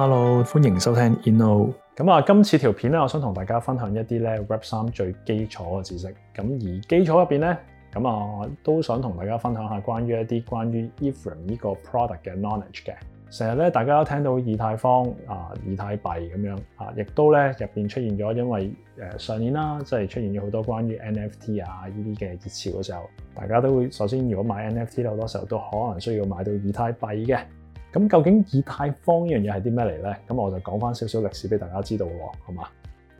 Hello，歡迎收聽 Inno。咁啊，今次條片咧，我想同大家分享一啲咧 Web 三最基礎嘅知識。咁而基礎入邊咧，咁啊都想同大家分享下關於一啲關於 Ethereum 呢個 product 嘅 knowledge 嘅。成日咧，大家都聽到以太坊啊、以太幣咁樣、呃、啊，亦都咧入邊出現咗，因為誒上年啦，即係出現咗好多關於 NFT 啊呢啲嘅熱潮嘅時候，大家都會首先如果買 NFT 好多時候都可能需要買到以太幣嘅。咁究竟以太坊呢樣嘢係啲咩嚟咧？咁我就講翻少少歷史俾大家知道喎，好嘛？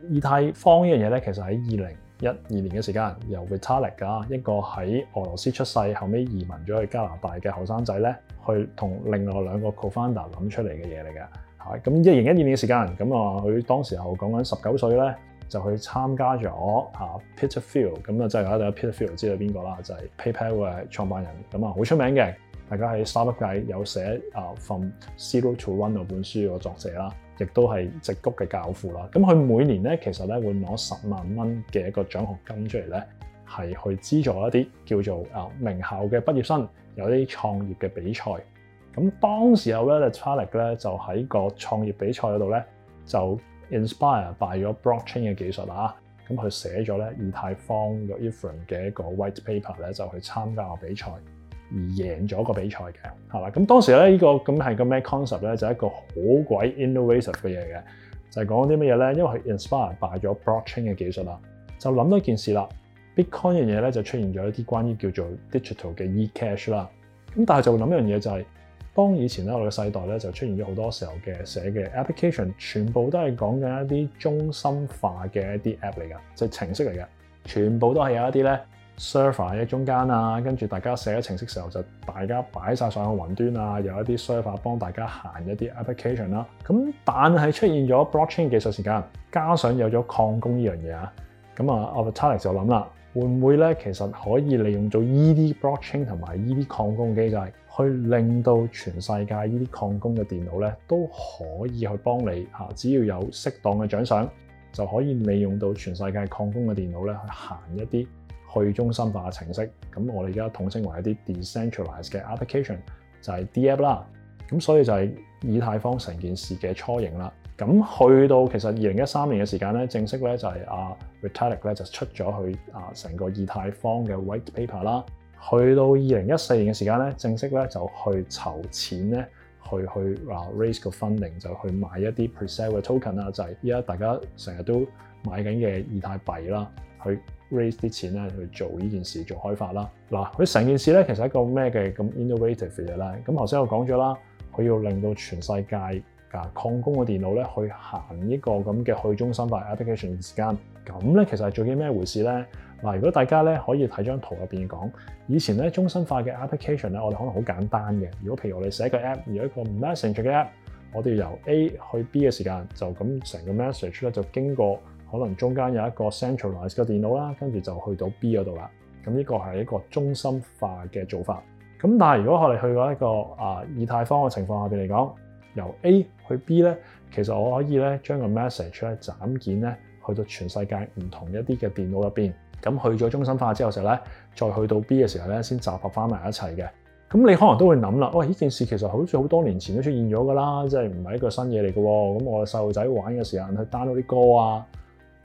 以太坊呢樣嘢咧，其實喺二零一二年嘅時間，由 Vitalik 啊，一個喺俄羅斯出世，後尾移民咗去加拿大嘅後生仔咧，去同另外兩個 co-founder 諗出嚟嘅嘢嚟嘅。嚇，咁二零一二年嘅時間，咁啊，佢當時候講緊十九歲咧，就去參加咗嚇 Peter Thiel，咁啊，即係大家 Peter Thiel 知道邊個啦，就係 PayPal 嘅創辦人，咁啊，好出名嘅。大家喺 Startup 界有寫《啊 From Zero to One》嗰本書嘅作者啦，亦都係矽谷嘅教父啦。咁佢每年咧，其實咧會攞十萬蚊嘅一個獎學金出嚟咧，係去資助一啲叫做啊名校嘅畢業生有啲創業嘅比賽。咁當時啊，Vitalik 咧就喺個創業比賽嗰度咧就 inspired by 咗 blockchain 嘅技術啊。咁佢寫咗咧以太坊嘅一個 white paper 咧，就去參加個比賽。而贏咗個比賽嘅，係嘛？咁當時咧，依、這個咁係、這個咩 concept 咧？就係、是、一個好鬼 innovative 嘅嘢嘅，就係講啲乜嘢咧？因為佢 inspire by 咗 blockchain 嘅技術啦，就諗到一件事啦。Bitcoin 樣嘢咧就出現咗一啲關於叫做 digital 嘅 e-cash 啦。咁但係就會諗一樣嘢就係、是，當以前咧我嘅世代咧就出現咗好多時候嘅寫嘅 application，全部都係講緊一啲中心化嘅一啲 app 嚟嘅，即係、是、程式嚟嘅，全部都係有一啲咧。server 喺中間啊，跟住大家寫咗程式嘅時候就大家擺曬上去雲端啊，有一啲 server 幫大家行一啲 application 啦。咁但係出現咗 blockchain 技術時間，加上有咗礦工呢樣嘢啊，咁啊 Vitalik 就諗啦，會唔會咧？其實可以利用做呢啲 blockchain 同埋呢啲礦工機制，去令到全世界依啲礦工嘅電腦咧都可以去幫你吓，只要有適當嘅獎賞就可以利用到全世界礦工嘅電腦咧去行一啲。去中心化嘅程式，咁我哋而家統稱為一啲 decentralised 嘅 application，就係 DApp 啦。咁所以就係以太坊成件事嘅雛形啦。咁去到其實二零一三年嘅時間咧，正式咧就係啊 Vitalik 咧就出咗去啊，成個以太坊嘅 white paper 啦。去到二零一四年嘅時間咧，正式咧就去籌錢咧，去去 raise 個 funding 就去買一啲 presale 嘅 token 啦，就係依家大家成日都買緊嘅以太幣啦，去。raise 啲錢咧去做呢件事做開發啦。嗱，佢成件事咧其實係一個咩嘅咁 innovative 嘢咧？咁頭先我講咗啦，佢要令到全世界嘅礦工嘅電腦咧去行呢個咁嘅去中心化 application 時間。咁咧其實係做緊咩回事咧？嗱，如果大家咧可以睇張圖入面講，以前咧中心化嘅 application 咧，我哋可能好簡單嘅。如果譬如我哋寫個 app，果一個 message 嘅 app，我哋由 A 去 B 嘅時間就咁成個 message 咧就經過。可能中間有一個 centralized 嘅電腦啦，跟住就去到 B 嗰度啦。咁呢個係一個中心化嘅做法。咁但係如果我哋去到一個啊、呃、以太坊嘅情況下面嚟講，由 A 去 B 咧，其實我可以咧將個 message 咧斬件咧去到全世界唔同一啲嘅電腦入邊。咁去咗中心化之後嘅時候咧，再去到 B 嘅時候咧先集合翻埋一齊嘅。咁你可能都會諗啦，喂、哎，呢件事其實好似好多年前都出現咗㗎啦，即係唔係一個新嘢嚟㗎？咁我細路仔玩嘅時候去 download 啲歌啊～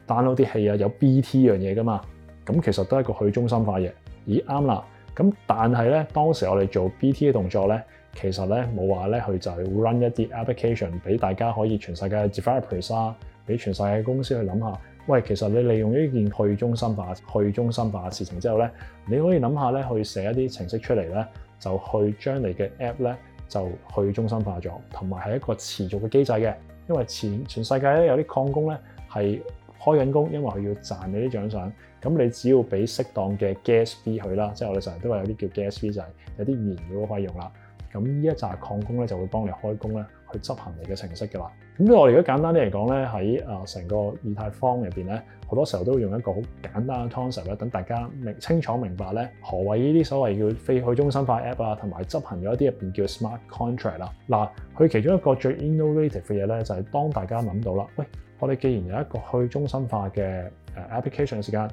download 啲戲啊，有 B T 樣嘢㗎嘛？咁其實都係一個去中心化嘢，咦，啱啦。咁但係咧，當時我哋做 B T 嘅動作咧，其實咧冇話咧，佢就係 run 一啲 application 俾大家可以全世界嘅 developers 啊，俾全世界嘅公司去諗下。喂，其實你利用呢一件去中心化、去中心化嘅事情之後咧，你可以諗下咧，去寫一啲程式出嚟咧，就去將你嘅 app 咧就去中心化咗，同埋係一個持續嘅機制嘅。因為全全世界咧有啲礦工咧係。開緊工，因為佢要賺你啲獎賞，咁你只要俾適當嘅 gas fee 佢啦，即係我哋成日都話有啲叫 gas fee 就係有啲燃料嘅費用啦。咁呢一紮礦工咧就會幫你開工咧去執行你嘅程式嘅啦。咁我哋如果簡單啲嚟講咧，喺啊成個以太坊入邊咧，好多時候都會用一個好簡單嘅 concept 咧，等大家明清楚明白咧何謂呢啲所謂叫非去中心化 app 啊，同埋執行咗一啲入邊叫 smart contract 啦。嗱，佢其中一個最 innovative 嘅嘢咧就係、是、當大家諗到啦，喂！我哋既然有一個去中心化嘅 application 嘅時間，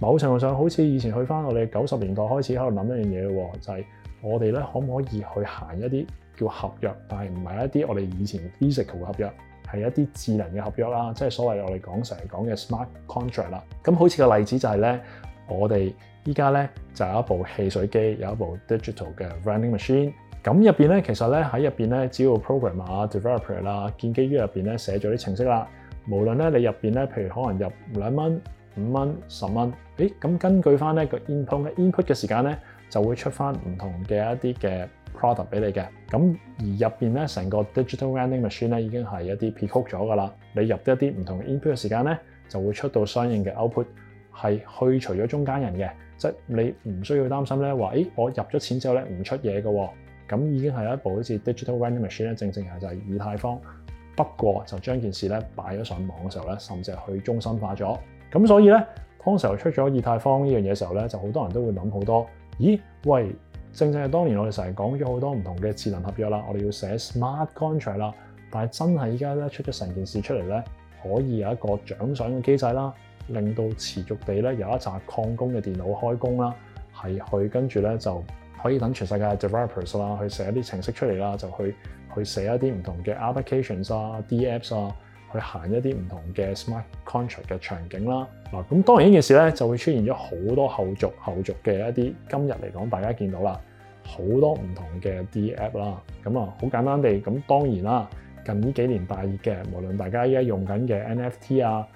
某程度上好似以前去翻我哋九十年代開始喺度諗一樣嘢喎，就係、是、我哋咧可唔可以去行一啲叫合約，但係唔係一啲我哋以前 physical 嘅合約，係一啲智能嘅合約啦，即係所謂我哋講成日講嘅 smart contract 啦。咁好似個例子就係咧，我哋依家咧就有一部汽水機，有一部 digital 嘅 running machine，咁入面咧其實咧喺入邊咧只要 program 啊，developer 啦，建基於入邊咧寫咗啲程式啦。無論咧你入面，咧，譬如可能入兩蚊、五蚊、十蚊，咁、欸、根據翻呢個 input input 嘅時間咧，就會出翻唔同嘅一啲嘅 product 俾你嘅。咁而入面咧成個 digital vending machine 咧已經係一啲編 code 咗㗎啦。你入啲一啲唔同嘅 input 嘅時間咧，就會出到相應嘅 output，係去除咗中間人嘅，即係你唔需要擔心咧話，誒、欸、我入咗錢之後咧唔出嘢㗎。咁已經係一部好似 digital vending machine，正正係就係以太坊。不過就將件事咧擺咗上網嘅時候咧，甚至係去中心化咗。咁所以咧，當時候出咗以太坊呢樣嘢嘅時候咧，就好多人都會諗好多。咦，喂，正正係當年我哋成日講咗好多唔同嘅智能合約啦，我哋要寫 smart contract 啦。但係真係依家咧出咗成件事出嚟咧，可以有一個獎賞嘅機制啦，令到持續地咧有一扎礦工嘅電腦開工啦，係去跟住咧就可以等全世界嘅 developers 啦去寫一啲程式出嚟啦，就去。去寫一啲唔同嘅 applications 啊，DApps 啊，去行一啲唔同嘅 smart contract 嘅場景啦。嗱，咁當然呢件事咧就會出現咗好多後續後續嘅一啲，今日嚟講大家見到啦，好多唔同嘅 DApp 啦。咁啊，好簡單地，咁當然啦，近呢幾年大熱嘅，無論大家依家用緊嘅 NFT 啊，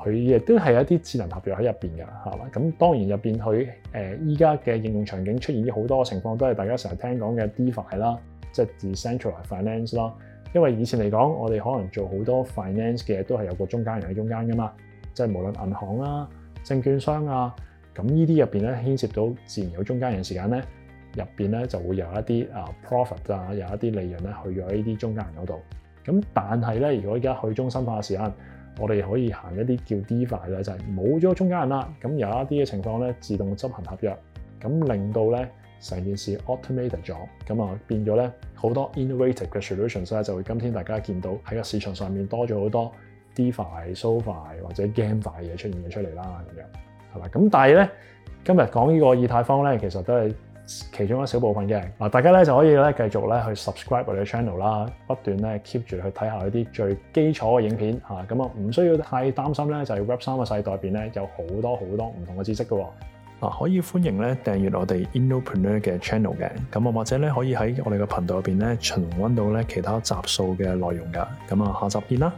佢亦都係一啲智能合約喺入邊㗎，係嘛？咁當然入邊佢誒依家嘅應用場景出現咗好多情況，都係大家成日聽講嘅 DeFi 啦。即係 decentralized finance 咯，因為以前嚟講，我哋可能做好多 finance 嘅都係有個中間人喺中間噶嘛，即係無論銀行啦、啊、證券商啊，咁呢啲入邊咧牽涉到自然有中間人的時間咧，入邊咧就會有一啲啊 profit 啊，有一啲利潤咧去咗呢啲中間人嗰度。咁但係咧，如果而家去中心化嘅時間，我哋可以行一啲叫 DeFi 咧，就係冇咗中間人啦，咁有一啲嘅情況咧自動執行合約，咁令到咧。成件事 automated 咗，咁啊變咗咧好多 innovative 嘅 solutions 咧，就會今天大家見到喺個市場上面多咗好多 DeFi、SoFi 或者 GameFi 嘅嘢出現咗出嚟啦，咁樣係嘛？咁但係咧今日講呢個以太坊咧，其實都係其中一小部分嘅。嗱，大家咧就可以咧繼續咧去 subscribe 我哋嘅 channel 啦，不斷咧 keep 住去睇下嗰啲最基礎嘅影片嚇。咁啊唔需要太擔心咧，就係 Web 三嘅世代入邊咧有好多好多唔同嘅知識嘅喎。嗱、啊，可以歡迎咧訂閱我哋 Innopreneur 嘅 channel 嘅，咁啊或者咧可以喺我哋嘅頻道入邊咧尋揾到咧其他集數嘅內容㗎，咁啊下集見啦。